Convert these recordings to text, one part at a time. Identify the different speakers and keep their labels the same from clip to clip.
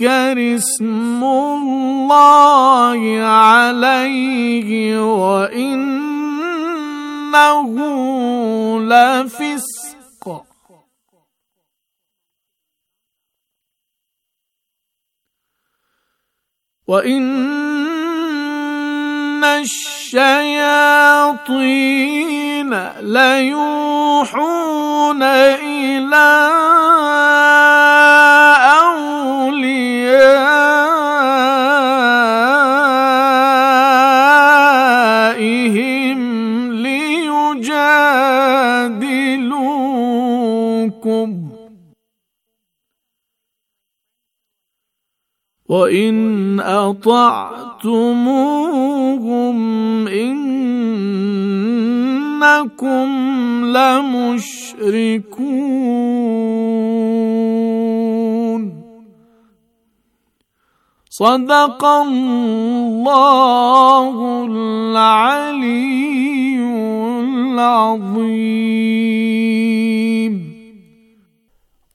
Speaker 1: ذكر اسم الله عليه وإنه لفسق وإن الشياطين ليوحون إلى وإن أطعتموهم إنكم لمشركون صدق الله العلي العظيم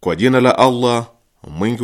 Speaker 1: Kwa لا الله Allah mwingi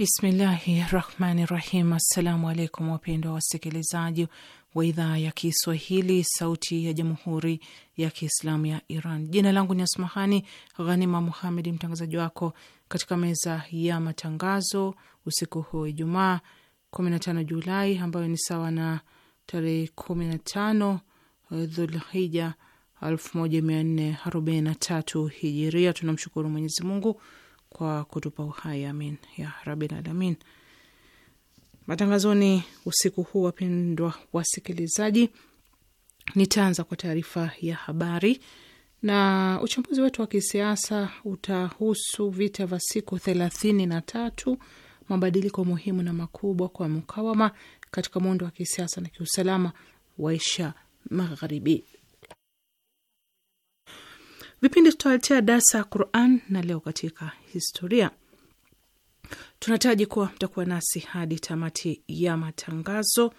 Speaker 2: Bismillahi rahmani rahim. Assalamu alaikum wapendwa wasikilizaji wa idhaa ya Kiswahili sauti ya jamhuri ya Kiislamu ya Iran. Jina langu ni Asmahani Ghanima Muhamedi, mtangazaji wako katika meza ya matangazo usiku huu Ijumaa 15 Julai, ambayo ni sawa na tarehe 15 eh, Dhulhija 1443 Hijiria. Tunamshukuru Mwenyezi Mungu kwa kutupa uhai, amin ya rabbil alamin. Matangazoni usiku huu, wapendwa wasikilizaji, nitaanza kwa taarifa ya habari na uchambuzi wetu wa kisiasa utahusu vita vya siku thelathini na tatu, mabadiliko muhimu na makubwa kwa mkawama katika muundo wa kisiasa na kiusalama waisha magharibi Vipindi tutawaletea darsa ya Quran na leo katika historia. Tunataraji kuwa mtakuwa nasi hadi tamati ya matangazo,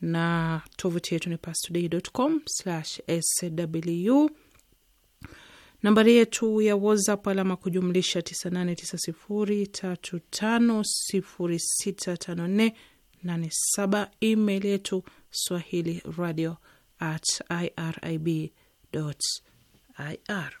Speaker 2: na tovuti yetu ni pastoday.com/sw. Nambari yetu ya WhatsApp alama kujumlisha 989035065487. Email yetu swahili radio at irib IR.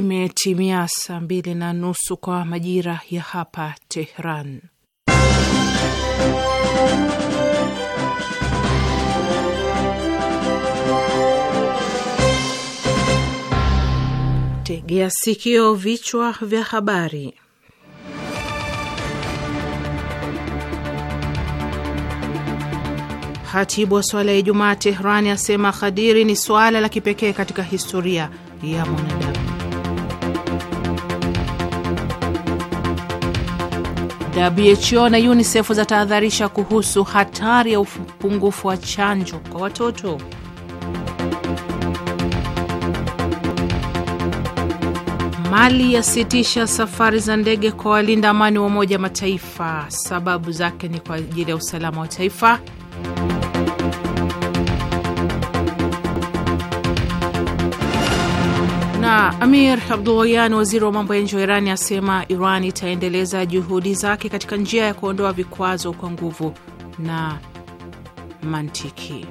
Speaker 2: Imetimia saa mbili na nusu kwa majira ya hapa Tehran. Tegea sikio, vichwa vya habari. Hatibu wa swala ya Ijumaa Tehrani asema khadiri ni swala la kipekee katika historia ya mwanadamu. WHO na UNICEF zatahadharisha kuhusu hatari ya upungufu wa chanjo kwa watoto. Mali yasitisha safari za ndege kwa walinda amani wa Umoja Mataifa, sababu zake ni kwa ajili ya usalama wa taifa. na Amir abdullayan waziri wa mambo ya nje wa Irani, asema Iran itaendeleza juhudi zake katika njia ya kuondoa vikwazo kwa nguvu na mantiki.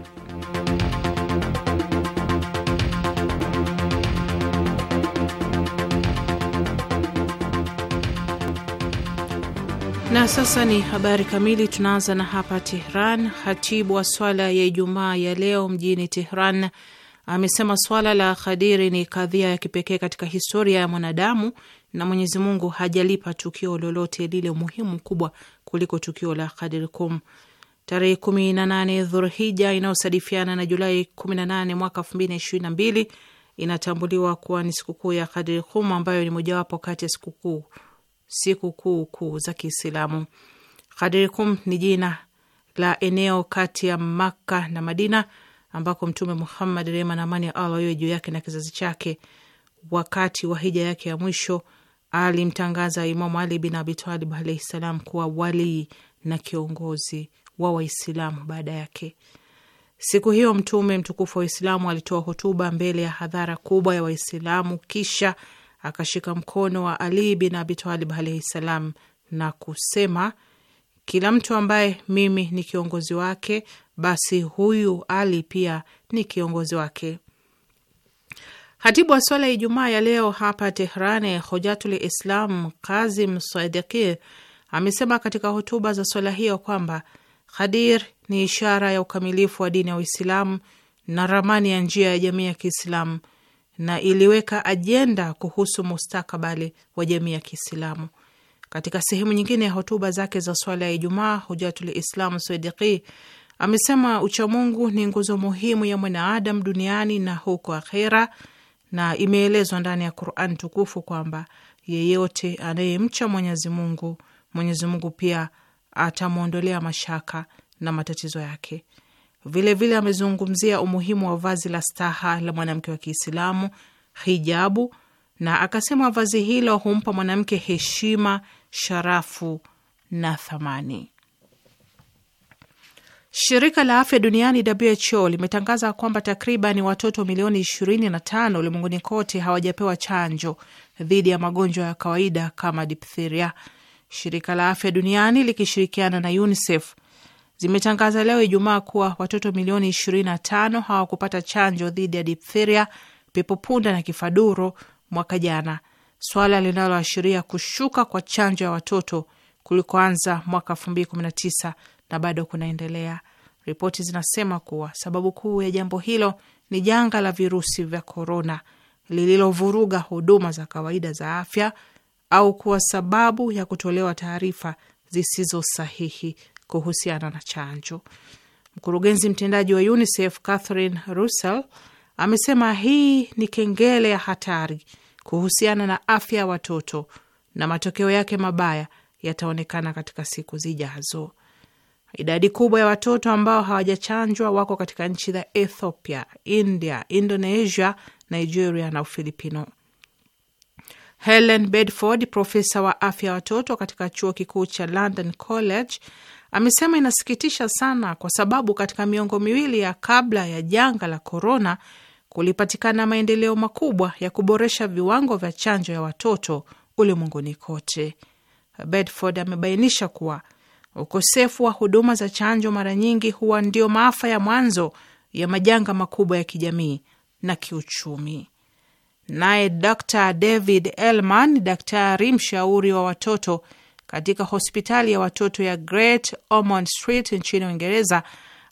Speaker 2: Na sasa ni habari kamili. Tunaanza na hapa Tehran. Hatibu wa swala ya Ijumaa ya leo mjini Tehran amesema swala la Khadiri ni kadhia ya kipekee katika historia ya mwanadamu na Mwenyezi Mungu hajalipa tukio lolote lile muhimu kubwa kuliko tukio la Khadir Kum. Tarehe nane Dhurhija inayosadifiana na Julai nane mwaka mbili inatambuliwa kuwa ni sikukuu ya Khadir Kum ambayo ni mojawapo kati ya sikukuu sikukuu kuu za Kiislamu. Khadir Kum ni jina la eneo kati ya Makka na Madina ambako Mtume Muhammad, rehma na amani ya Allah iwe juu yake na kizazi chake, wakati wa hija yake ya mwisho alimtangaza Imamu Ali bin Abitalib alaihi salam kuwa walii na kiongozi wa Waislamu baada yake. Siku hiyo Mtume mtukufu wa Waislamu alitoa hotuba mbele ya hadhara kubwa ya Waislamu, kisha akashika mkono wa Ali bin Abitalib alaihi salam na kusema kila mtu ambaye mimi ni kiongozi wake, basi huyu Ali pia ni kiongozi wake. Khatibu wa swala ya Ijumaa ya leo hapa Tehrani, Hojatul Islam Kazim Sadiki amesema katika hotuba za swala hiyo kwamba khadir ni ishara ya ukamilifu wa dini ya Uislamu na ramani ya njia ya jamii ya Kiislamu na iliweka ajenda kuhusu mustakabali wa jamii ya Kiislamu. Katika sehemu nyingine ya hotuba zake za swala ya Ijumaa, Hujatul Islam Swediki amesema uchamungu ni nguzo muhimu ya mwanaadam duniani na huko akhera, na imeelezwa ndani ya Quran tukufu kwamba yeyote anayemcha Mwenyezi Mungu, Mwenyezi Mungu pia atamwondolea mashaka na matatizo yake. Vilevile vile amezungumzia umuhimu wa vazi la staha la mwanamke wa Kiislamu, hijabu, na akasema vazi hilo humpa mwanamke heshima sharafu na thamani. Shirika la afya duniani WHO limetangaza kwamba takriban watoto milioni 25 ulimwenguni kote hawajapewa chanjo dhidi ya magonjwa ya kawaida kama diphtheria. Shirika la afya duniani likishirikiana na UNICEF zimetangaza leo Ijumaa kuwa watoto milioni 25 hawakupata chanjo dhidi ya diphtheria, pepopunda na kifaduro mwaka jana swala linaloashiria kushuka kwa chanjo ya watoto kulikoanza mwaka elfu mbili kumi na tisa na bado kunaendelea. Ripoti zinasema kuwa sababu kuu ya jambo hilo ni janga la virusi vya korona lililovuruga huduma za kawaida za afya au kuwa sababu ya kutolewa taarifa zisizo sahihi kuhusiana na chanjo. Mkurugenzi mtendaji wa UNICEF Catherine Russell amesema hii ni kengele ya hatari kuhusiana na afya ya watoto na matokeo yake mabaya yataonekana katika siku zijazo. Idadi kubwa ya watoto ambao hawajachanjwa wako katika nchi za Ethiopia, India, Indonesia, Nigeria na Ufilipino. Helen Bedford, profesa wa afya ya watoto katika chuo kikuu cha London College, amesema inasikitisha sana, kwa sababu katika miongo miwili ya kabla ya janga la korona kulipatikana maendeleo makubwa ya kuboresha viwango vya chanjo ya watoto ulimwenguni kote. Bedford amebainisha kuwa ukosefu wa huduma za chanjo mara nyingi huwa ndio maafa ya mwanzo ya majanga makubwa ya kijamii na kiuchumi. Naye Dr David Elman, daktari mshauri wa watoto katika hospitali ya watoto ya Great Ormond Street nchini Uingereza,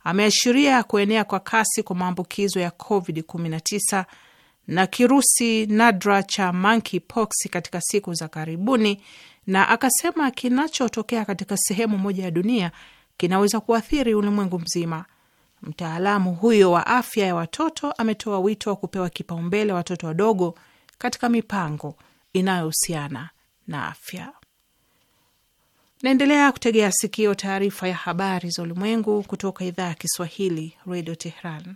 Speaker 2: ameashiria kuenea kwa kasi kwa maambukizo ya COVID-19 na kirusi nadra cha monkeypox katika siku za karibuni, na akasema kinachotokea katika sehemu moja ya dunia kinaweza kuathiri ulimwengu mzima. Mtaalamu huyo wa afya ya watoto ametoa wito wa kupewa kipaumbele watoto wadogo katika mipango inayohusiana na afya. Naendelea kutegea sikio taarifa ya habari za ulimwengu kutoka idhaa ya Kiswahili redio Tehran.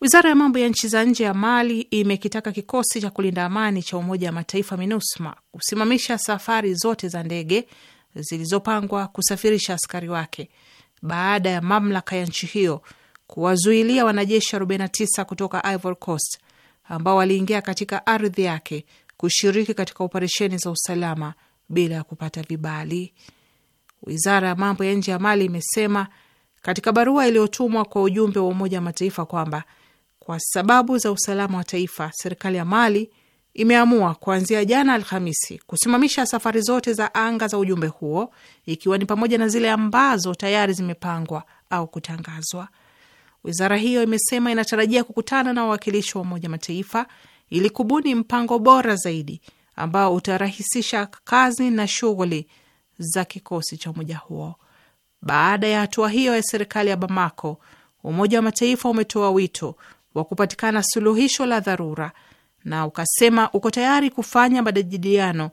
Speaker 2: Wizara ya mambo ya nchi za nje ya Mali imekitaka kikosi cha kulinda amani cha Umoja wa Mataifa MINUSMA kusimamisha safari zote za ndege zilizopangwa kusafirisha askari wake baada ya mamlaka ya nchi hiyo kuwazuilia wanajeshi 49 kutoka Ivory Coast ambao waliingia katika ardhi yake kushiriki katika operesheni za usalama bila ya kupata vibali. Wizara ya mambo ya nje ya Mali imesema katika barua iliyotumwa kwa ujumbe wa Umoja wa Mataifa kwamba kwa sababu za usalama wa taifa, serikali ya Mali imeamua kuanzia jana Alhamisi kusimamisha safari zote za anga za ujumbe huo, ikiwa ni pamoja na zile ambazo tayari zimepangwa au kutangazwa. Wizara hiyo imesema inatarajia kukutana na wawakilishi wa Umoja Mataifa ili kubuni mpango bora zaidi ambao utarahisisha kazi na shughuli za kikosi cha umoja huo. Baada ya hatua hiyo ya serikali ya Bamako, Umoja wa Mataifa umetoa wito wa kupatikana suluhisho la dharura na ukasema uko tayari kufanya majadiliano,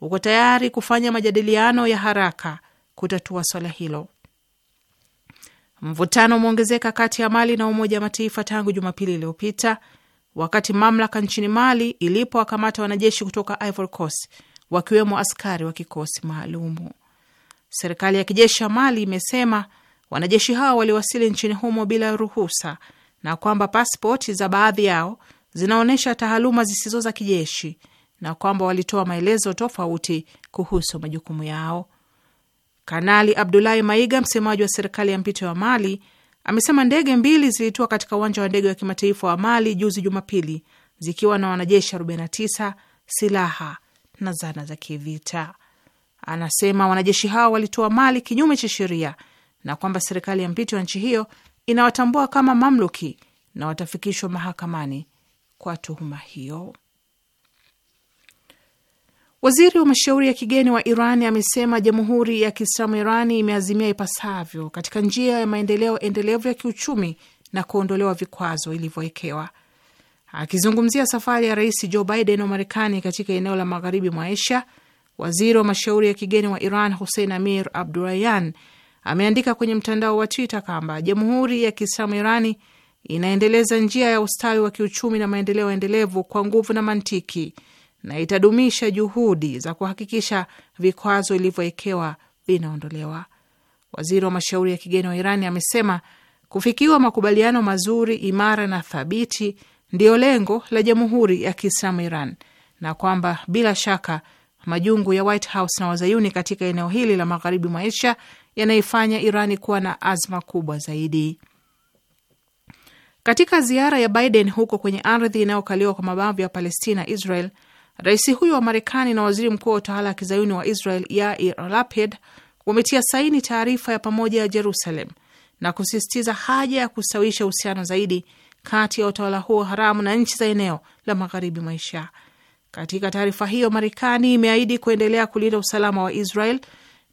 Speaker 2: uko tayari kufanya majadiliano ya haraka kutatua swala hilo. Mvutano umeongezeka kati ya Mali na Umoja wa Mataifa tangu Jumapili iliyopita wakati mamlaka nchini Mali ilipowakamata wanajeshi kutoka Ivory Coast wakiwemo askari wa kikosi maalumu. Serikali ya kijeshi ya Mali imesema wanajeshi hao waliwasili nchini humo bila ruhusa na kwamba paspoti za baadhi yao zinaonyesha taaluma zisizo za kijeshi na kwamba walitoa maelezo tofauti kuhusu majukumu yao. Kanali Abdulahi Maiga, msemaji wa serikali ya mpito ya Mali, amesema ndege mbili zilitua katika uwanja wa ndege wa kimataifa wa Mali juzi Jumapili zikiwa na wanajeshi 49, silaha na zana za kivita. Anasema wanajeshi hao walitoa Mali kinyume cha sheria na kwamba serikali ya mpito ya nchi hiyo inawatambua kama mamluki na watafikishwa mahakamani kwa tuhuma hiyo. Waziri wa mashauri ya kigeni wa Iran amesema jamhuri ya Kiislamu Irani imeazimia ipasavyo katika njia ya maendeleo endelevu ya kiuchumi na kuondolewa vikwazo ilivyowekewa. Akizungumzia safari ya rais Joe Biden wa Marekani katika eneo la magharibi mwa Asia, waziri wa mashauri ya kigeni wa Iran Hussein Amir Abdurayan ameandika kwenye mtandao wa Twitter kwamba jamhuri ya Kiislamu Irani inaendeleza njia ya ustawi wa kiuchumi na maendeleo endelevu kwa nguvu na mantiki na itadumisha juhudi za kuhakikisha vikwazo vilivyowekewa vinaondolewa. Waziri wa mashauri ya kigeni wa Irani amesema kufikiwa makubaliano mazuri, imara na thabiti ndiyo lengo la Jamhuri ya Kiislamu Iran na kwamba bila shaka majungu ya White House na wazayuni katika eneo hili la magharibi mwa Asia yanaifanya Irani kuwa na azma kubwa zaidi. Katika ziara ya Biden huko kwenye ardhi inayokaliwa kwa mabavu ya Palestina, Israel Rais huyo wa Marekani na waziri mkuu wa utawala wa kizayuni wa Israel Yair Lapid wametia saini taarifa ya pamoja ya Jerusalem na kusisitiza haja ya kustawisha uhusiano zaidi kati ya utawala huo haramu na nchi za eneo la magharibi maisha. Katika taarifa hiyo, Marekani imeahidi kuendelea kulinda usalama wa Israel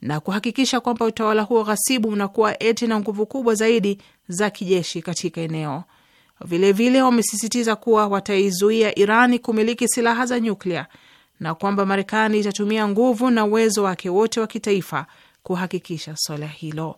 Speaker 2: na kuhakikisha kwamba utawala huo ghasibu unakuwa eti na nguvu kubwa zaidi za kijeshi katika eneo. Vilevile wamesisitiza kuwa wataizuia Irani kumiliki silaha za nyuklia na kwamba Marekani itatumia nguvu na uwezo wake wote wa kitaifa kuhakikisha swala hilo.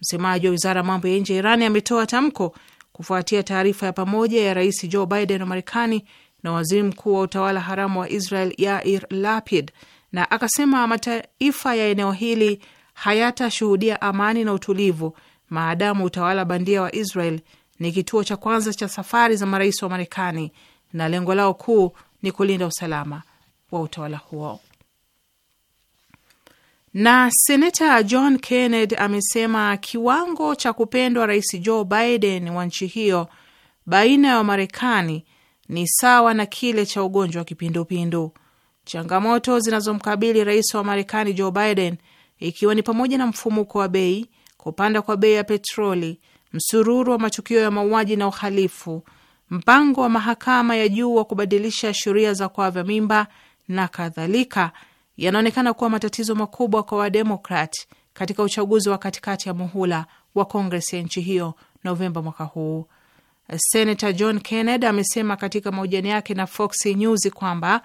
Speaker 2: Msemaji wa wizara ya mambo ya nje ya Irani ametoa tamko kufuatia taarifa ya pamoja ya rais Joe Biden wa Marekani na waziri mkuu wa utawala haramu wa Israel Yair Lapid, na akasema mataifa ya eneo hili hayatashuhudia amani na utulivu maadamu utawala bandia wa Israel ni kituo cha kwanza cha safari za marais wa Marekani na lengo lao kuu ni kulinda usalama wa utawala huo. Na senata John Kennedy amesema kiwango cha kupendwa rais Joe Biden wa nchi hiyo baina ya Wamarekani ni sawa na kile cha ugonjwa wa kipindupindu. Changamoto zinazomkabili rais wa Marekani Joe Biden ikiwa ni pamoja na mfumuko wa bei, kupanda kwa bei ya petroli msururu wa matukio ya mauaji na uhalifu, mpango wa mahakama ya juu wa kubadilisha sheria za kuavya mimba na kadhalika, yanaonekana kuwa matatizo makubwa kwa Wademokrat katika uchaguzi wa katikati ya muhula wa Kongres ya nchi hiyo Novemba mwaka huu. Senator John Kennedy amesema katika mahojiano yake na Fox News kwamba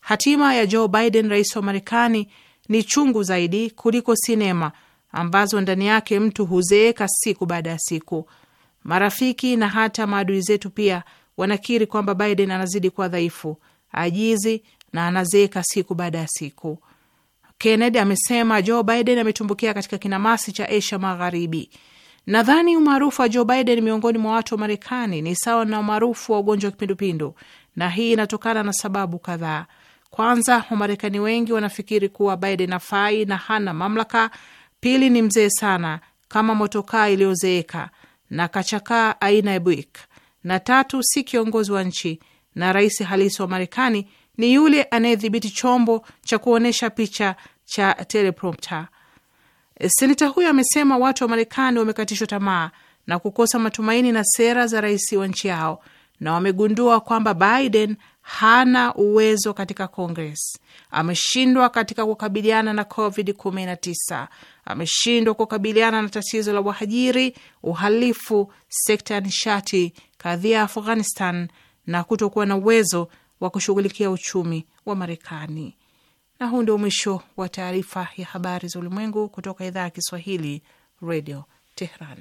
Speaker 2: hatima ya Joe Biden, rais wa Marekani, ni chungu zaidi kuliko sinema ambazo ndani yake mtu huzeeka siku baada ya siku. Marafiki na hata maadui zetu pia wanakiri kwamba Biden anazidi kuwa dhaifu, ajizi na anazeeka siku baada ya siku. Kennedy amesema Joe Biden ametumbukia katika kinamasi cha Asia Magharibi. Nadhani umaarufu wa Joe Biden miongoni mwa watu wa Marekani ni sawa na umaarufu wa ugonjwa wa kipindupindu, na hii inatokana na sababu kadhaa. Kwanza, Wamarekani wengi wanafikiri kuwa Biden hafai na hana mamlaka Pili ni mzee sana kama motokaa iliyozeeka na kachakaa aina ya Buick, na tatu si kiongozi wa nchi, na rais halisi wa Marekani ni yule anayedhibiti chombo cha kuonyesha picha cha teleprompter. senata huyo amesema watu wa Marekani wamekatishwa tamaa na kukosa matumaini na sera za rais wa nchi yao, na wamegundua kwamba Biden hana uwezo katika Kongres, ameshindwa katika kukabiliana na Covid 19, ameshindwa kukabiliana na tatizo la wahajiri, uhalifu, sekta ya nishati, kadhia ya Afghanistan na kutokuwa na uwezo wa kushughulikia uchumi wa Marekani. Na huu ndio mwisho wa taarifa ya habari za ulimwengu kutoka idhaa ya Kiswahili, Radio Tehran.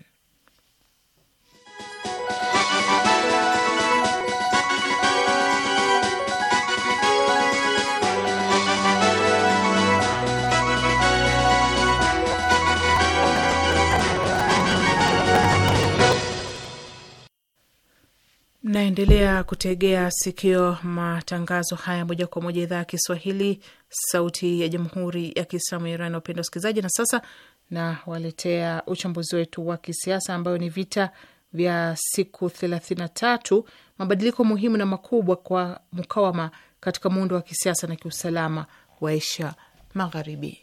Speaker 2: Mnaendelea kutegea sikio matangazo haya moja kwa moja idhaa ya Kiswahili, sauti ya jamhuri ya kiislamu ya Iran. Wapenda wasikilizaji, na sasa nawaletea uchambuzi wetu wa kisiasa ambayo ni vita vya siku thelathini na tatu, mabadiliko muhimu na makubwa kwa mkawama katika muundo wa kisiasa na kiusalama wa Asia Magharibi.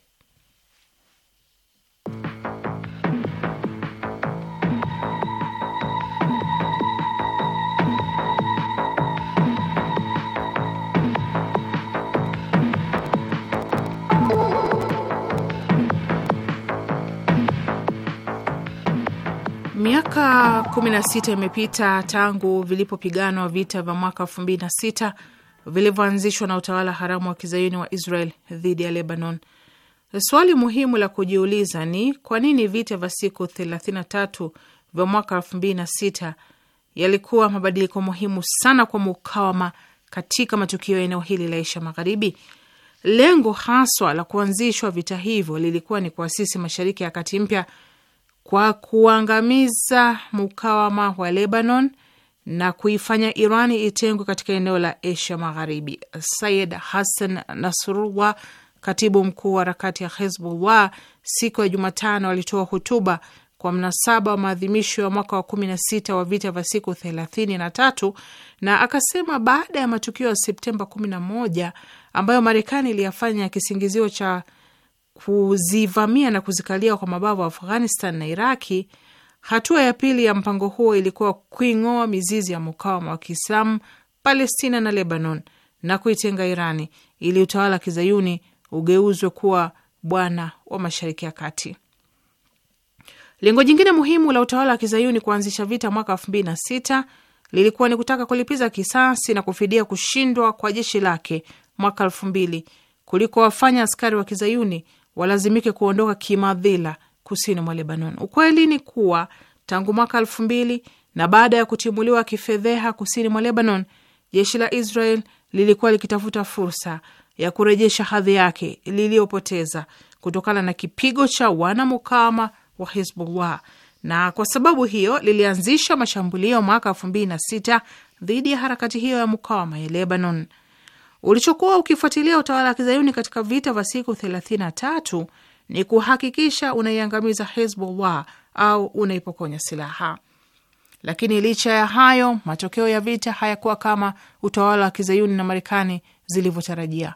Speaker 2: Miaka 16 imepita tangu vilipopiganwa vita vya mwaka 2006 vilivyoanzishwa na utawala haramu wa kizayuni wa Israel dhidi ya Lebanon. Swali muhimu la kujiuliza ni kwa nini vita vya siku 33 vya mwaka 2006 yalikuwa mabadiliko muhimu sana kwa mukawama katika matukio ya eneo hili la Asia Magharibi. Lengo haswa la kuanzishwa vita hivyo lilikuwa ni kuasisi Mashariki ya Kati mpya kwa kuangamiza mukawama wa Lebanon na kuifanya Irani itengwe katika eneo la Asia Magharibi. Sayid Hassan Nasrullah, katibu mkuu wa harakati ya Hezbollah, siku ya Jumatano alitoa hotuba kwa mnasaba wa maadhimisho ya mwaka wa 16 wa vita vya siku 33 na akasema, baada ya matukio ya Septemba 11 ambayo Marekani iliyafanya kisingizio cha kuzivamia na kuzikalia kwa mabavu Afghanistan na Iraki. Hatua ya pili ya mpango huo ilikuwa kuing'oa mizizi ya mukawama wa Kiislamu Palestina na Lebanon na kuitenga Irani ili utawala wa kizayuni ugeuzwe kuwa bwana wa mashariki ya kati. Lengo jingine muhimu la utawala wa kizayuni kuanzisha vita mwaka elfu mbili na sita lilikuwa ni kutaka kulipiza kisasi na kufidia kushindwa kwa jeshi lake mwaka elfu mbili kuliko wafanya askari wa kizayuni walazimike kuondoka kimadhila kusini mwa Lebanon. Ukweli ni kuwa tangu mwaka elfu mbili na baada ya kutimuliwa kifedheha kusini mwa Lebanon, jeshi la Israel lilikuwa likitafuta fursa ya kurejesha hadhi yake liliyopoteza kutokana na kipigo cha wanamukama wa Hizbullah, na kwa sababu hiyo lilianzisha mashambulio mwaka elfu mbili na sita dhidi ya harakati hiyo ya mukawama ya Lebanon ulichokuwa ukifuatilia utawala wa kizayuni katika vita vya siku 33 ni kuhakikisha unaiangamiza Hezbollah au unaipokonya silaha. Lakini licha ya hayo, matokeo ya vita hayakuwa kama utawala wa kizayuni na Marekani zilivyotarajia.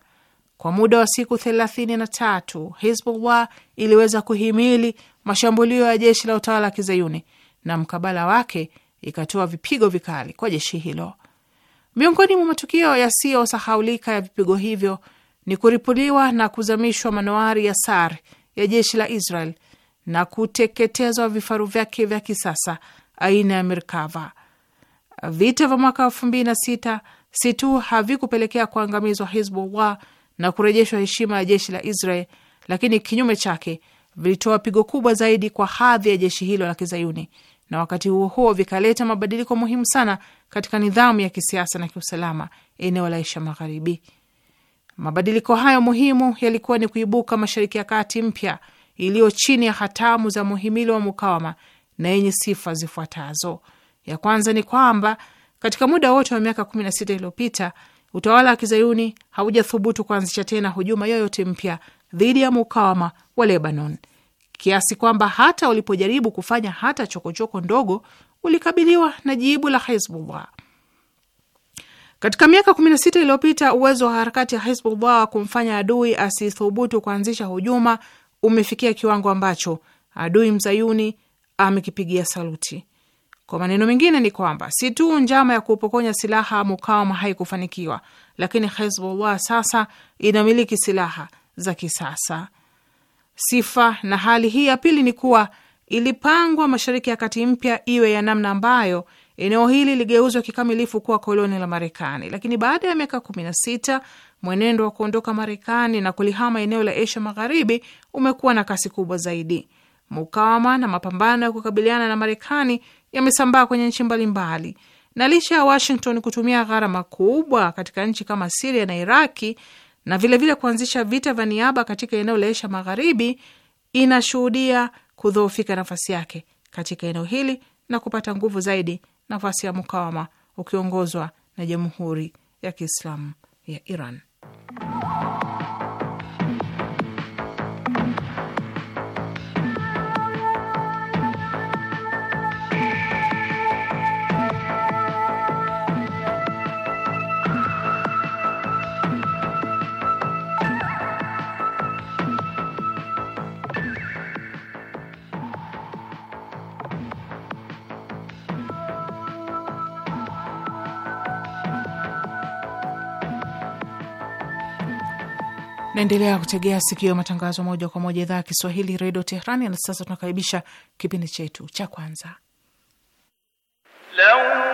Speaker 2: Kwa muda wa siku 33 Hezbollah iliweza kuhimili mashambulio ya jeshi la utawala wa kizayuni na mkabala wake ikatoa vipigo vikali kwa jeshi hilo. Miongoni mwa matukio yasiyosahaulika ya vipigo hivyo ni kuripuliwa na kuzamishwa manowari ya SAR ya jeshi la Israel na kuteketezwa vifaru vyake vya kisasa aina ya Merkava. Vita vya mwaka elfu mbili na sita si tu havikupelekea kuangamizwa Hizbullah na kurejeshwa heshima ya jeshi la Israel, lakini kinyume chake vilitoa pigo kubwa zaidi kwa hadhi ya jeshi hilo la kizayuni na wakati huo huo vikaleta mabadiliko muhimu sana katika nidhamu ya kisiasa na kiusalama eneo la Asia Magharibi. Mabadiliko hayo muhimu yalikuwa ni kuibuka Mashariki ya Kati mpya iliyo chini ya hatamu za muhimili wa mukawama na yenye sifa zifuatazo. Ya kwanza ni kwamba katika muda wote wa miaka 16 iliyopita utawala wa kizayuni haujathubutu kuanzisha tena hujuma yoyote mpya dhidi ya mukawama wa Lebanon kiasi kwamba hata ulipojaribu kufanya hata chokochoko -choko ndogo ulikabiliwa na jibu la Hezbollah. Katika miaka 16 iliyopita uwezo wa harakati ya Hezbollah wa kumfanya adui asithubutu kuanzisha hujuma umefikia kiwango ambacho adui mzayuni amekipigia saluti. Kwa maneno mengine, ni kwamba si tu njama ya kupokonya silaha mukawama haikufanikiwa, lakini Hezbollah sasa inamiliki silaha za kisasa. Sifa na hali hii ya pili ni kuwa ilipangwa Mashariki ya Kati mpya iwe ya namna ambayo eneo hili ligeuzwa kikamilifu kuwa koloni la Marekani, lakini baada ya miaka 16 mwenendo wa kuondoka Marekani na kulihama eneo la Asia Magharibi umekuwa na kasi kubwa zaidi. Mukawama na mapambano ya kukabiliana na Marekani yamesambaa kwenye nchi mbalimbali, na licha ya Washington kutumia gharama kubwa katika nchi kama Siria na Iraki na vilevile vile kuanzisha vita vya niaba katika eneo la Asia Magharibi, inashuhudia kudhoofika nafasi yake katika eneo hili na kupata nguvu zaidi nafasi ya mukawama ukiongozwa na Jamhuri ya Kiislamu ya Iran. Naendelea kutegea sikio ya matangazo moja kwa moja idhaa ya Kiswahili redio Teherani. Na sasa tunakaribisha kipindi chetu cha kwanza
Speaker 3: Leo.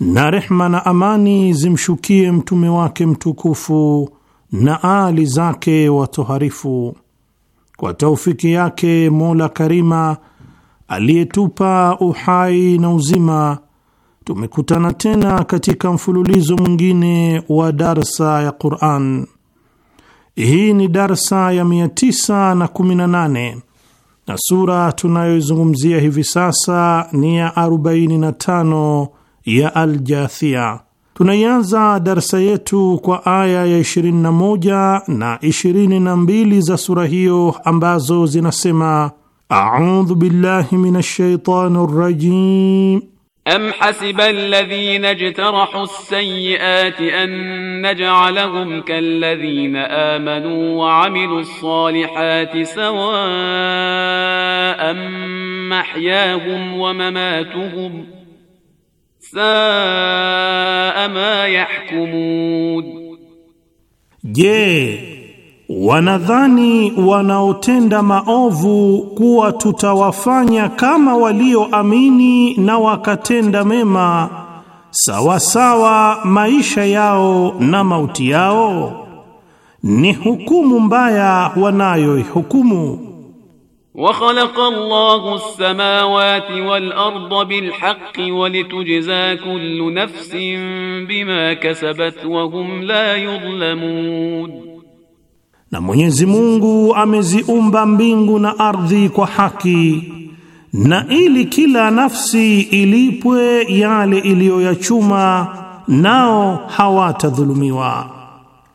Speaker 4: na rehma na amani zimshukie mtume wake mtukufu na aali zake watoharifu. Kwa taufiki yake Mola Karima aliyetupa uhai na uzima, tumekutana tena katika mfululizo mwingine wa darsa ya Quran. Hii ni darsa ya 918 na sura tunayoizungumzia hivi sasa ni ya 45 ya Aljathia. Tunaianza darsa yetu kwa aya ya 21 na 22 za sura hiyo ambazo zinasema: audhu billahi minash shaitani rrajim
Speaker 5: am hasiba alladhina ijtarahu as-sayyiati an naj'alahum kalladhina amanu wa 'amilus salihati sawa'an mahyahum wa mamatuhum saa ma yahkumud.
Speaker 4: Je, wanadhani wanaotenda maovu kuwa tutawafanya kama walioamini na wakatenda mema sawasawa sawa maisha yao na mauti yao? Ni hukumu mbaya wanayoihukumu.
Speaker 5: وخلق الله السماوات والأرض بالحق ولتجزى كل نفس بما كسبت وهم la يظلمون
Speaker 4: na Mwenyezi Mungu ameziumba mbingu na ardhi kwa haki na ili kila nafsi ilipwe yale iliyoyachuma nao hawatadhulumiwa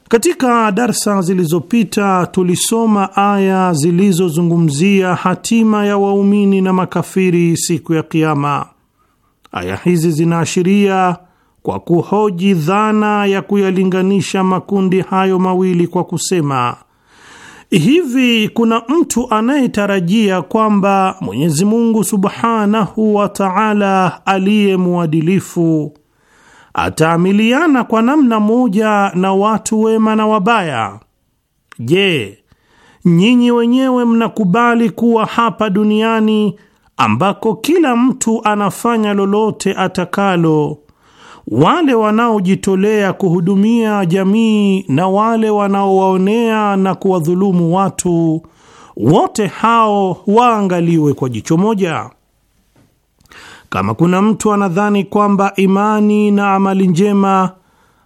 Speaker 4: katika darsa zilizopita tulisoma aya zilizozungumzia hatima ya waumini na makafiri siku ya Kiama. Aya hizi zinaashiria kwa kuhoji dhana ya kuyalinganisha makundi hayo mawili kwa kusema hivi: kuna mtu anayetarajia kwamba Mwenyezi Mungu subhanahu wa taala aliye mwadilifu ataamiliana kwa namna moja na watu wema na wabaya. Je, nyinyi wenyewe mnakubali kuwa hapa duniani ambako kila mtu anafanya lolote atakalo, wale wanaojitolea kuhudumia jamii na wale wanaowaonea na kuwadhulumu watu, wote hao waangaliwe kwa jicho moja? Kama kuna mtu anadhani kwamba imani na amali njema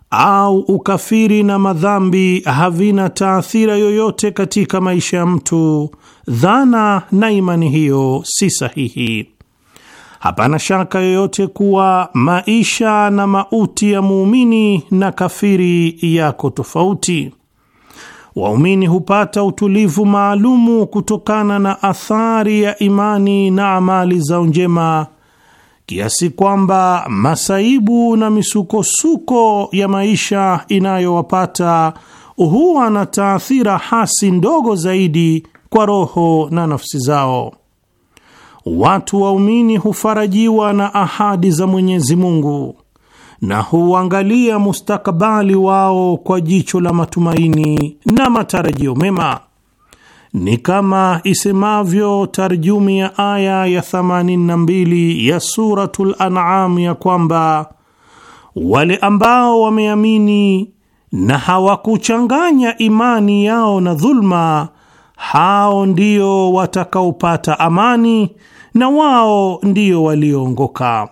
Speaker 4: au ukafiri na madhambi havina taathira yoyote katika maisha ya mtu, dhana na imani hiyo si sahihi. Hapana shaka yoyote kuwa maisha na mauti ya muumini na kafiri yako tofauti. Waumini hupata utulivu maalumu kutokana na athari ya imani na amali zao njema kiasi kwamba masaibu na misukosuko ya maisha inayowapata huwa na taathira hasi ndogo zaidi kwa roho na nafsi zao. Watu waumini hufarajiwa na ahadi za Mwenyezi Mungu na huangalia mustakabali wao kwa jicho la matumaini na matarajio mema ni kama isemavyo tarjumi ya aya ya 82 ya Suratul An'am ya kwamba wale ambao wameamini na hawakuchanganya imani yao na dhulma, hao ndio watakaopata amani na wao ndio walioongoka.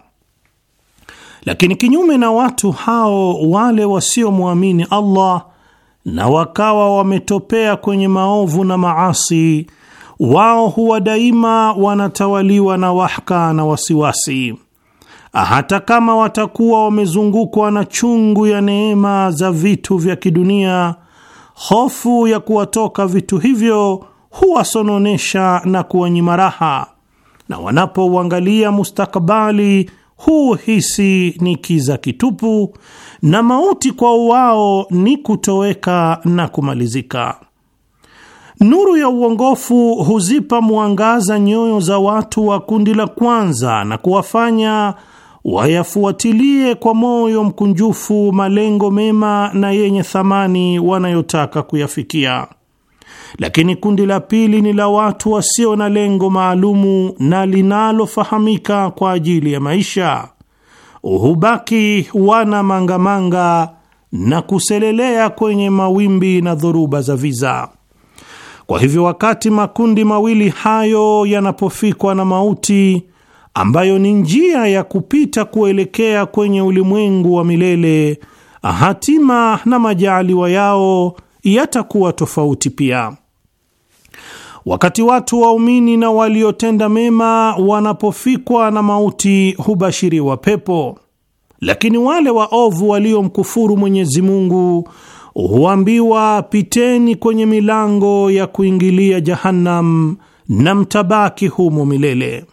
Speaker 4: Lakini kinyume na watu hao, wale wasiomwamini Allah na wakawa wametopea kwenye maovu na maasi, wao huwa daima wanatawaliwa na wahka na wasiwasi, hata kama watakuwa wamezungukwa na chungu ya neema za vitu vya kidunia. Hofu ya kuwatoka vitu hivyo huwasononesha na kuwanyima raha, na wanapouangalia mustakabali huu hisi ni kiza kitupu na mauti kwa wao ni kutoweka na kumalizika. Nuru ya uongofu huzipa mwangaza nyoyo za watu wa kundi la kwanza na kuwafanya wayafuatilie kwa moyo mkunjufu malengo mema na yenye thamani wanayotaka kuyafikia. Lakini kundi la pili ni la watu wasio na lengo maalumu na linalofahamika kwa ajili ya maisha, hubaki wana mangamanga na kuselelea kwenye mawimbi na dhoruba za viza. Kwa hivyo, wakati makundi mawili hayo yanapofikwa na mauti ambayo ni njia ya kupita kuelekea kwenye ulimwengu wa milele, hatima na majaaliwa yao yatakuwa tofauti pia. Wakati watu waumini na waliotenda mema wanapofikwa na mauti hubashiriwa pepo, lakini wale waovu waliomkufuru Mwenyezi Mungu huambiwa piteni kwenye milango ya kuingilia Jahannam na mtabaki humo milele.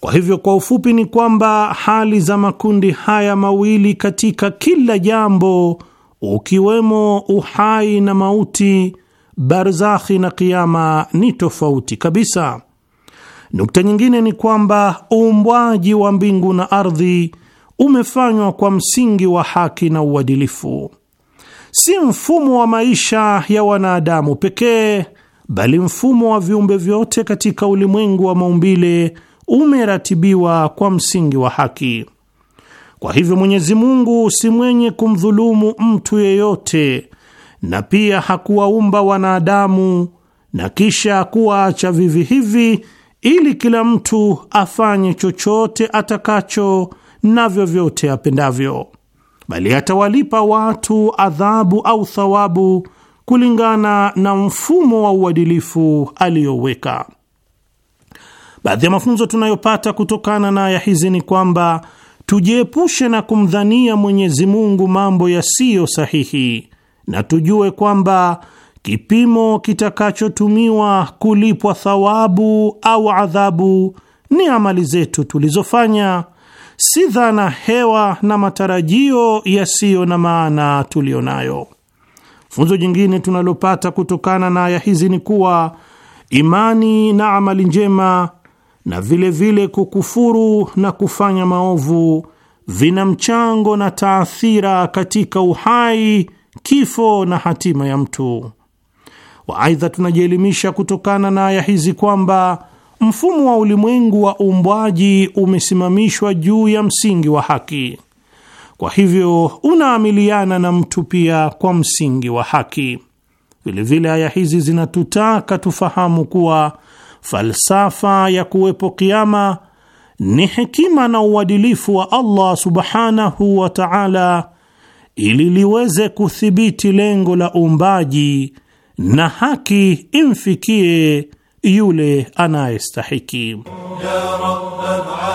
Speaker 4: Kwa hivyo, kwa ufupi ni kwamba hali za makundi haya mawili katika kila jambo, ukiwemo uhai na mauti barzakhi na kiama ni tofauti kabisa. Nukta nyingine ni kwamba uumbwaji wa mbingu na ardhi umefanywa kwa msingi wa haki na uadilifu, si mfumo wa maisha ya wanadamu pekee, bali mfumo wa viumbe vyote katika ulimwengu wa maumbile umeratibiwa kwa msingi wa haki. Kwa hivyo Mwenyezi Mungu si mwenye kumdhulumu mtu yeyote na pia hakuwaumba wanadamu na kisha kuwaacha vivi hivi ili kila mtu afanye chochote atakacho na vyovyote apendavyo, bali atawalipa watu adhabu au thawabu kulingana na mfumo wa uadilifu aliyoweka. Baadhi ya mafunzo tunayopata kutokana na aya hizi ni kwamba tujiepushe na kumdhania Mwenyezi Mungu mambo yasiyo sahihi na tujue kwamba kipimo kitakachotumiwa kulipwa thawabu au adhabu ni amali zetu tulizofanya, si dhana hewa na matarajio yasiyo na maana tuliyo nayo. Funzo jingine tunalopata kutokana na aya hizi ni kuwa imani na amali njema na vilevile vile kukufuru na kufanya maovu vina mchango na taathira katika uhai kifo na hatima ya mtu. Waaidha, tunajielimisha kutokana na aya hizi kwamba mfumo wa ulimwengu wa umbwaji umesimamishwa juu ya msingi wa haki, kwa hivyo unaamiliana na mtu pia kwa msingi wa haki. Vilevile aya hizi zinatutaka tufahamu kuwa falsafa ya kuwepo kiama ni hekima na uadilifu wa Allah subhanahu wa ta'ala ili liweze kuthibiti lengo la uumbaji na haki imfikie yule anayestahiki ya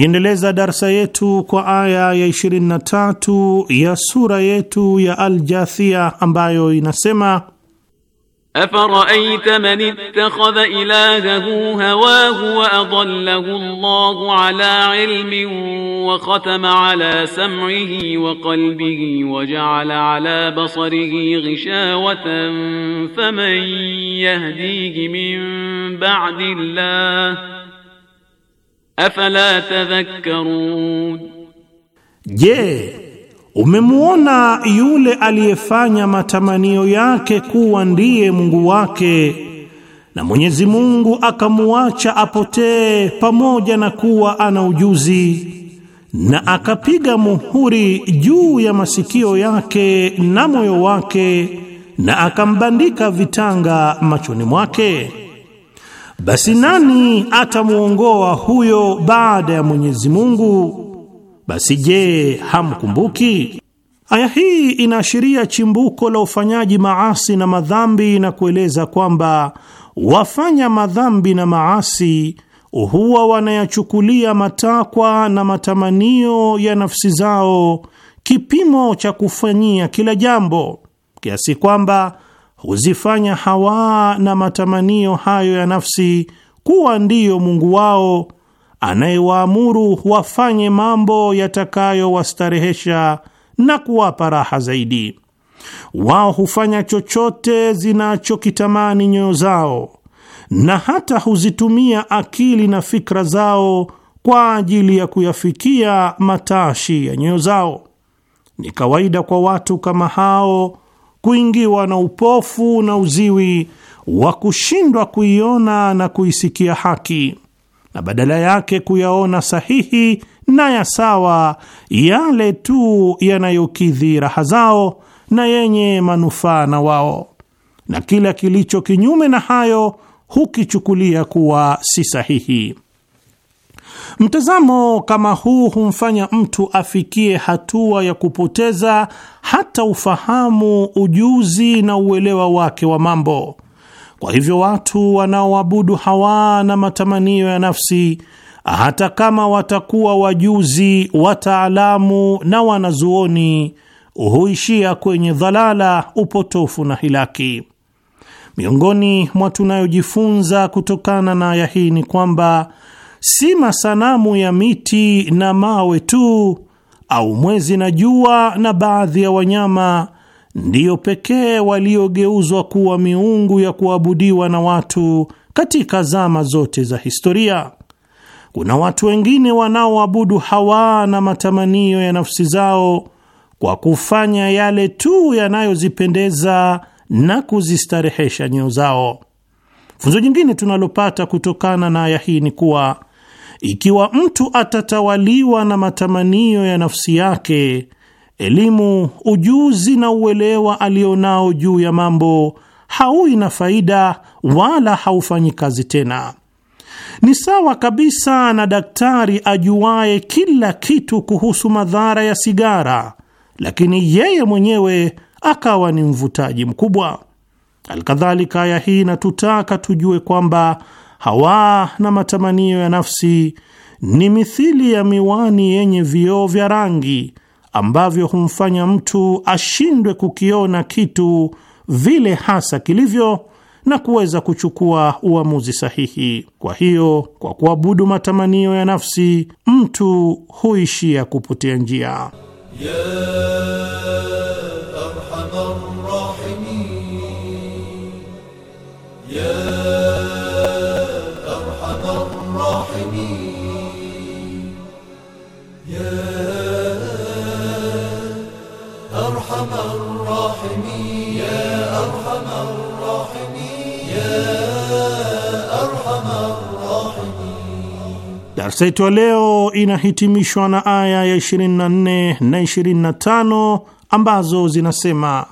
Speaker 4: Tunaiendeleza darsa yetu kwa aya ya 23 ya sura yetu ya Al-Jathia ambayo inasema
Speaker 5: Afaraaita man ittakhadha ilahahu hawahu wa adallahu Allahu ala ilmin wa khatama ala sam'ihi wa qalbihi wa ja'ala ala basarihi ghishawatan faman yahdihi min ba'di Allah Afala tadhakkarun,
Speaker 4: je, umemuona yule aliyefanya matamanio yake kuwa ndiye Mungu wake na Mwenyezi Mungu akamuacha apotee pamoja na kuwa ana ujuzi na akapiga muhuri juu ya masikio yake na moyo wake na akambandika vitanga machoni mwake? Basi nani atamwongoa huyo baada ya Mwenyezi Mungu? Basi je, hamkumbuki? Aya hii inaashiria chimbuko la ufanyaji maasi na madhambi na kueleza kwamba wafanya madhambi na maasi huwa wanayachukulia matakwa na matamanio ya nafsi zao kipimo cha kufanyia kila jambo kiasi kwamba huzifanya hawa na matamanio hayo ya nafsi kuwa ndiyo Mungu wao anayewaamuru wafanye mambo yatakayowastarehesha na kuwapa raha zaidi. Wao hufanya chochote zinachokitamani nyoyo zao na hata huzitumia akili na fikra zao kwa ajili ya kuyafikia matashi ya nyoyo zao. Ni kawaida kwa watu kama hao kuingiwa na upofu na uziwi wa kushindwa kuiona na kuisikia haki na badala yake kuyaona sahihi na ya sawa yale tu yanayokidhi raha zao na yenye manufaa na wao, na kila kilicho kinyume na hayo hukichukulia kuwa si sahihi. Mtazamo kama huu humfanya mtu afikie hatua ya kupoteza hata ufahamu, ujuzi na uelewa wake wa mambo. Kwa hivyo watu wanaoabudu hawa na matamanio ya nafsi, hata kama watakuwa wajuzi, wataalamu na wanazuoni, huishia kwenye dhalala, upotofu na hilaki. Miongoni mwa tunayojifunza kutokana na aya hii ni kwamba si masanamu ya miti na mawe tu au mwezi na jua na baadhi ya wanyama ndiyo pekee waliogeuzwa kuwa miungu ya kuabudiwa na watu katika zama zote za historia. Kuna watu wengine wanaoabudu hawa na matamanio ya nafsi zao kwa kufanya yale tu yanayozipendeza na kuzistarehesha nyeo zao. Funzo jingine tunalopata kutokana na aya hii ni kuwa ikiwa mtu atatawaliwa na matamanio ya nafsi yake, elimu, ujuzi na uelewa alionao juu ya mambo haui na faida wala haufanyi kazi tena. Ni sawa kabisa na daktari ajuaye kila kitu kuhusu madhara ya sigara, lakini yeye mwenyewe akawa ni mvutaji mkubwa. Alkadhalika, aya hii inatutaka tujue kwamba Hawa na matamanio ya nafsi ni mithili ya miwani yenye vioo vya rangi ambavyo humfanya mtu ashindwe kukiona kitu vile hasa kilivyo na kuweza kuchukua uamuzi sahihi. Kwa hiyo, kwa kuabudu matamanio ya nafsi, mtu huishia kupotea njia yeah. Darsa yetu ya leo inahitimishwa na aya ya 24 na 25 ambazo zinasema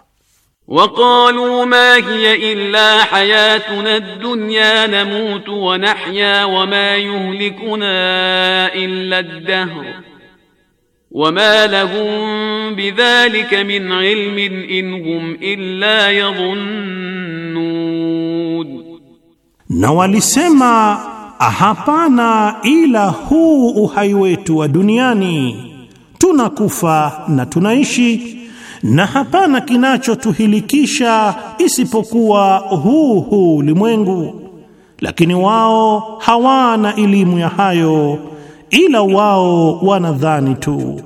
Speaker 4: Waqalu
Speaker 5: ma hiya illa hayatuna ad-dunya namutu wa nahya wa ma yuhlikuna illa ad-dahr wa ma lahum bidhalika min ilmin in hum illa yadhunnun,
Speaker 4: na walisema Ah, hapana ila huu uhai wetu wa duniani, tunakufa na tunaishi, na hapana kinachotuhilikisha isipokuwa huu huu ulimwengu. Lakini wao hawana elimu ya hayo, ila wao wanadhani tu.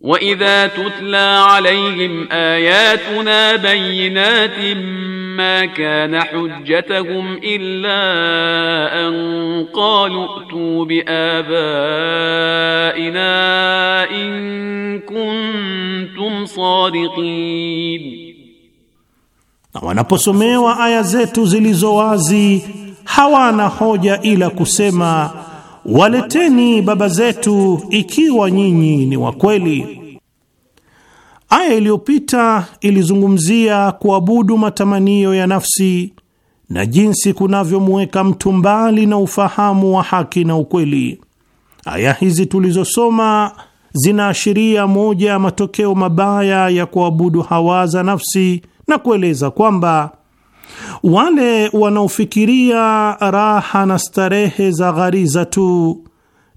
Speaker 5: wa idha tutla alayhim ayatuna bayinatin ما كان حجتهم إلا أن قالوا ائتوا بآبائنا إن كنتم صادقين
Speaker 4: na wanaposomewa aya zetu zilizo wazi hawana hoja ila kusema waleteni baba zetu ikiwa nyinyi ni wakweli kweli Aya iliyopita ilizungumzia kuabudu matamanio ya nafsi na jinsi kunavyomuweka mtu mbali na ufahamu wa haki na ukweli. Aya hizi tulizosoma zinaashiria moja ya matokeo mabaya ya kuabudu hawa za nafsi na kueleza kwamba wale wanaofikiria raha na starehe za ghariza tu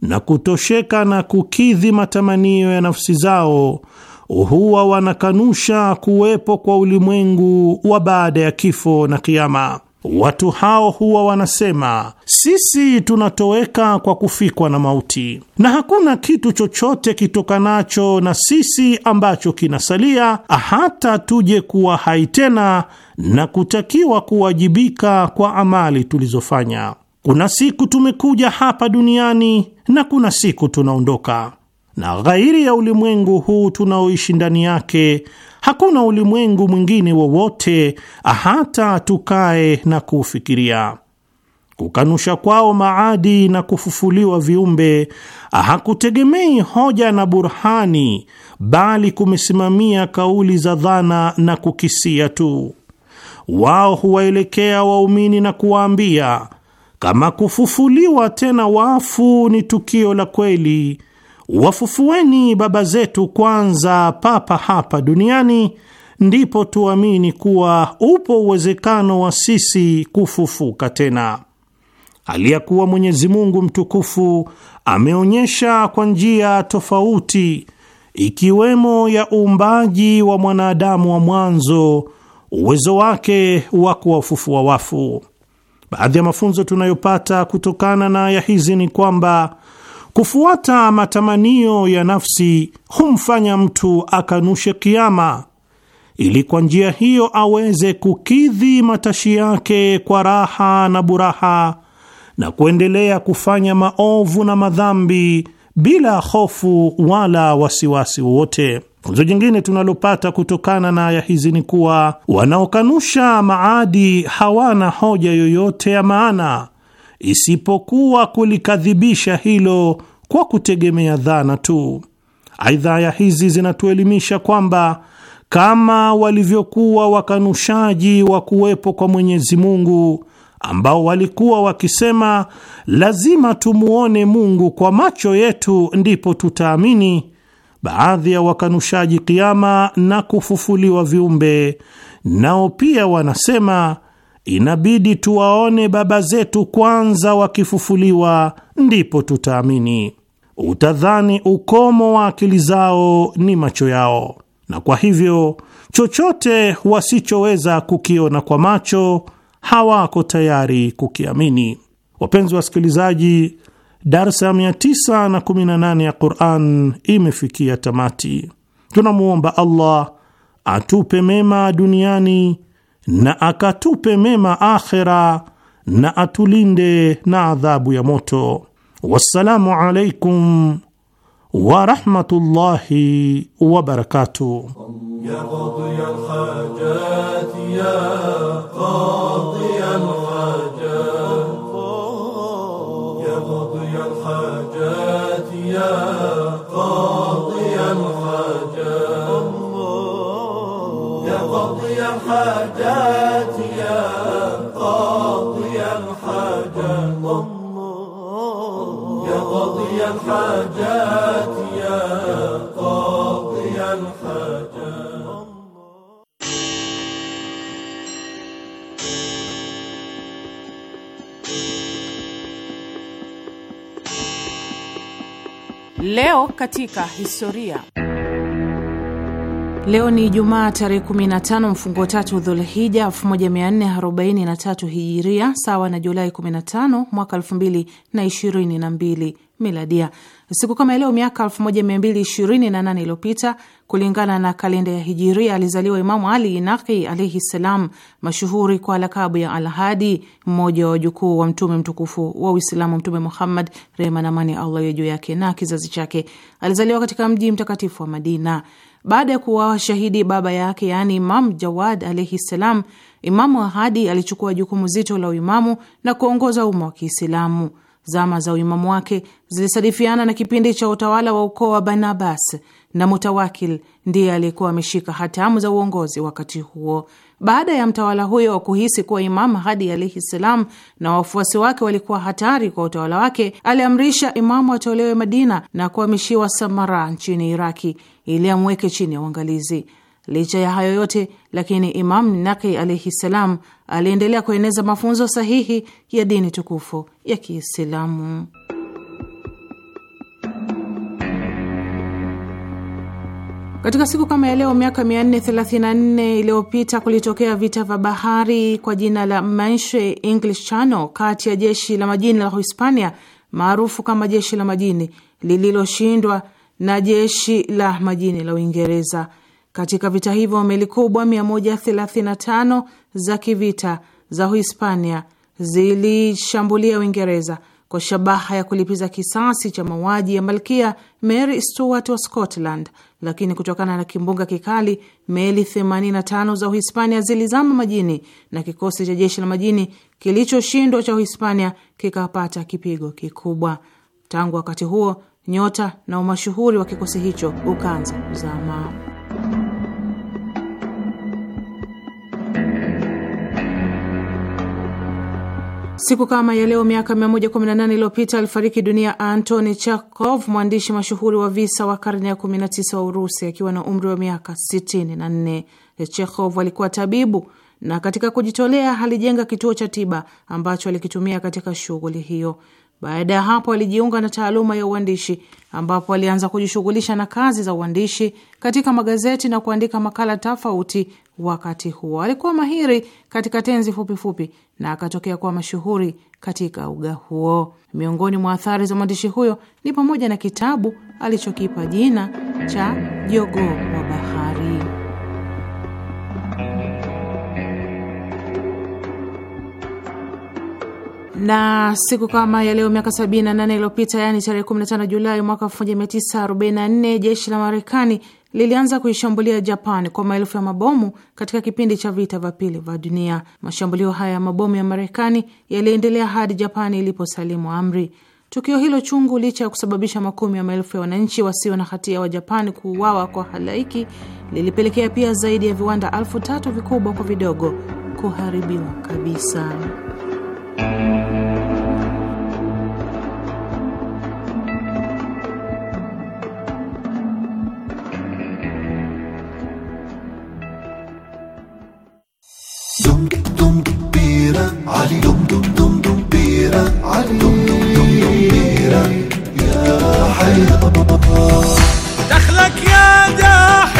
Speaker 4: na kutosheka na kukidhi matamanio ya nafsi zao huwa wanakanusha kuwepo kwa ulimwengu wa baada ya kifo na kiama. Watu hao huwa wanasema sisi tunatoweka kwa kufikwa na mauti, na hakuna kitu chochote kitokanacho na sisi ambacho kinasalia, hata tuje kuwa hai tena na kutakiwa kuwajibika kwa amali tulizofanya. Kuna siku tumekuja hapa duniani na kuna siku tunaondoka na ghairi ya ulimwengu huu tunaoishi ndani yake, hakuna ulimwengu mwingine wowote hata tukae na kuufikiria. Kukanusha kwao maadi na kufufuliwa viumbe hakutegemei hoja na burhani, bali kumesimamia kauli za dhana na kukisia tu. Wao huwaelekea waumini na kuwaambia, kama kufufuliwa tena wafu ni tukio la kweli wafufueni baba zetu kwanza papa hapa duniani, ndipo tuamini kuwa upo uwezekano wa sisi kufufuka tena. Aliyekuwa mwenyezimungu Mwenyezi Mungu mtukufu ameonyesha kwa njia tofauti, ikiwemo ya uumbaji wa mwanadamu wa mwanzo, uwezo wake wa kuwafufua wafu. Baadhi ya mafunzo tunayopata kutokana na aya hizi ni kwamba Kufuata matamanio ya nafsi humfanya mtu akanushe kiama, ili kwa njia hiyo aweze kukidhi matashi yake kwa raha na buraha, na kuendelea kufanya maovu na madhambi bila hofu wala wasiwasi wowote. Funzo jingine tunalopata kutokana na aya hizi ni kuwa wanaokanusha maadi hawana hoja yoyote ya maana isipokuwa kulikadhibisha hilo kwa kutegemea dhana tu. Aidha, aya hizi zinatuelimisha kwamba kama walivyokuwa wakanushaji wa kuwepo kwa Mwenyezi Mungu ambao walikuwa wakisema lazima tumuone Mungu kwa macho yetu ndipo tutaamini. Baadhi ya wakanushaji kiama na kufufuliwa viumbe nao pia wanasema inabidi tuwaone baba zetu kwanza wakifufuliwa ndipo tutaamini utadhani ukomo wa akili zao ni macho yao, na kwa hivyo chochote wasichoweza kukiona kwa macho hawako tayari kukiamini. Wapenzi wasikilizaji, darsa ya 918 ya Quran imefikia tamati. Tunamwomba Allah atupe mema duniani na akatupe mema akhera na atulinde na adhabu ya moto. والسلام عليكم ورحمة الله وبركاته يا قاضي الحاجات يا قاضي الحاجات
Speaker 6: يا قاضي الحاجات يا قاضي الحاجات يا قاضي الحاجات يا قاضي
Speaker 3: الحاجات يا قاضي الحاجات
Speaker 2: Leo katika historia. Leo ni Jumaa tarehe 15 mfungo tatu Dhulhija 1443 Hijiria, sawa na Julai 15 mwaka 2022 miladia. Siku kama leo miaka 1228 iliyopita kulingana na kalenda ya Hijiria, alizaliwa Imamu Ali Naqi alaihi ssalam, mashuhuri kwa lakabu ya Alhadi, mmoja wa wajukuu wa mtume mtukufu wa Uislamu, Mtume Muhammad, rehma na amani Allah ya juu yake na kizazi chake. Alizaliwa katika mji mtakatifu wa Madina. Baada ya kuwawa shahidi baba yake, yaani Imam Jawad alaihi ssalam, Imamu Ahadi alichukua jukumu zito la uimamu na kuongoza umma wa Kiislamu. Zama za uimamu wake zilisadifiana na kipindi cha utawala wa ukoo wa Bani Abbas na Mutawakil ndiye aliyekuwa ameshika hatamu za uongozi wakati huo. Baada ya mtawala huyo kuhisi kuwa Imamu Hadi alaihi ssalam na wafuasi wake walikuwa hatari kwa utawala wake, aliamrisha imamu atolewe Madina na kuhamishiwa Samara nchini Iraki ili amweke chini ya uangalizi. Licha ya hayo yote lakini, Imam Naki alaihi ssalam aliendelea kueneza mafunzo sahihi ya dini tukufu ya Kiislamu. Katika siku kama ya leo miaka 434 iliyopita kulitokea vita vya bahari kwa jina la Manche English Channel kati ya jeshi la majini la Hispania maarufu kama jeshi la majini lililoshindwa na jeshi la majini la Uingereza. Katika vita hivyo meli kubwa 135 za kivita za Uhispania zilishambulia Uingereza kwa shabaha ya kulipiza kisasi cha mauaji ya malkia Mary Stuart wa Scotland, lakini kutokana na kimbunga kikali meli 85 za Uhispania zilizama majini na kikosi cha jeshi la majini kilichoshindwa cha Uhispania kikapata kipigo kikubwa. Tangu wakati huo nyota na umashuhuri wa kikosi hicho ukaanza kuzama. Siku kama ya leo miaka 118 iliyopita alifariki dunia Antoni Chekhov, mwandishi mashuhuri wa visa wa karne ya 19 wa Urusi akiwa na umri wa miaka 64. Chekhov alikuwa tabibu na katika kujitolea alijenga kituo cha tiba ambacho alikitumia katika shughuli hiyo. Baada ya hapo alijiunga na taaluma ya uandishi ambapo alianza kujishughulisha na kazi za uandishi katika magazeti na kuandika makala tofauti. Wakati huo alikuwa mahiri katika tenzi fupifupi fupi, na akatokea kuwa mashuhuri katika uga huo. Miongoni mwa athari za mwandishi huyo ni pamoja na kitabu alichokipa jina cha Jogoo wa Bahari. na siku kama ya leo miaka 78 iliyopita, yaani tarehe 15 Julai mwaka 1944 jeshi la Marekani lilianza kuishambulia Japan kwa maelfu ya mabomu katika kipindi cha vita vya pili vya dunia. Mashambulio haya ya mabomu ya Marekani yaliendelea hadi Japan iliposalimu amri. Tukio hilo chungu, licha ya kusababisha makumi ya maelfu ya wananchi wasio na hatia wa Japan kuuawa kwa halaiki, lilipelekea pia zaidi ya viwanda elfu tatu vikubwa kwa vidogo kuharibiwa kabisa.
Speaker 3: دم دم بيرة علي دم دم دم دم بيرة علي دم دم دم دم بيرة يا حيا
Speaker 6: دخلك يا داح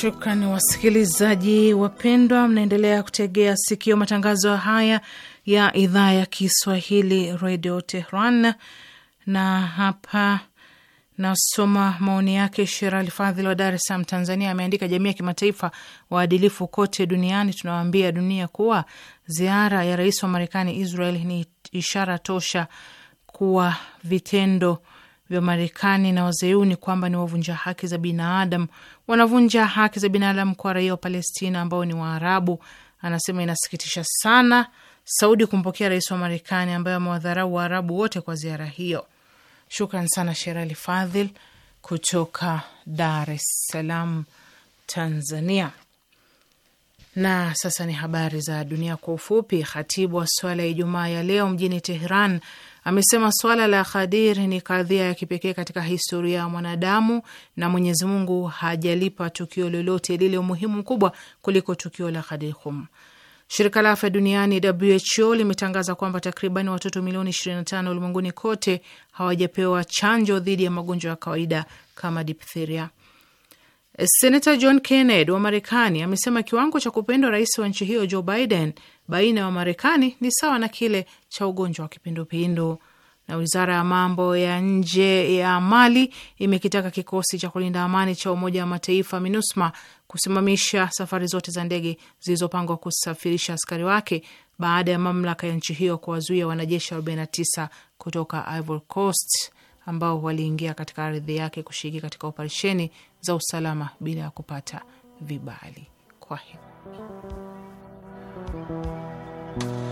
Speaker 2: Shukrani wasikilizaji wapendwa, mnaendelea kutegea sikio matangazo haya ya idhaa ya Kiswahili redio Tehran. Na hapa nasoma maoni yake. Sherali Fadhili wa Dar es Salaam, Tanzania, ameandika jamii ya kimataifa, waadilifu kote duniani, tunawaambia dunia kuwa ziara ya rais wa Marekani Israel ni ishara tosha kuwa vitendo vya Marekani na Wazayuni kwamba ni wavunja haki za binadamu. Wanavunja haki za binadamu kwa raia wa Palestina ambao ni Waarabu. Anasema inasikitisha sana Saudi kumpokea rais wa Marekani ambaye amewadharau Waarabu wote kwa ziara hiyo. Shukran sana Sherali Fadhil kutoka Dar es Salaam, Tanzania. Na sasa ni habari za dunia kwa ufupi. Khatibu wa swala ya Ijumaa ya leo mjini Teheran amesema swala la Khadir ni kadhia ya kipekee katika historia ya mwanadamu na Mwenyezi Mungu hajalipa tukio lolote lile umuhimu mkubwa kuliko tukio la Khadir Khum. Shirika la afya duniani WHO limetangaza kwamba takriban watoto milioni 25 ulimwenguni kote hawajapewa chanjo dhidi ya magonjwa ya kawaida kama diphtheria. Senator John Kennedy wa Marekani amesema kiwango cha kupendwa rais wa nchi hiyo Joe Biden baina ya Wamarekani ni sawa na kile cha ugonjwa wa kipindupindu. Na wizara ya mambo ya nje ya Mali imekitaka kikosi cha kulinda amani cha Umoja wa Mataifa MINUSMA kusimamisha safari zote za ndege zilizopangwa kusafirisha askari wake baada ya mamlaka ya nchi hiyo kuwazuia wanajeshi 49 kutoka Ivory Coast ambao waliingia katika ardhi yake kushiriki katika operesheni za usalama bila ya kupata vibali. hiyo Música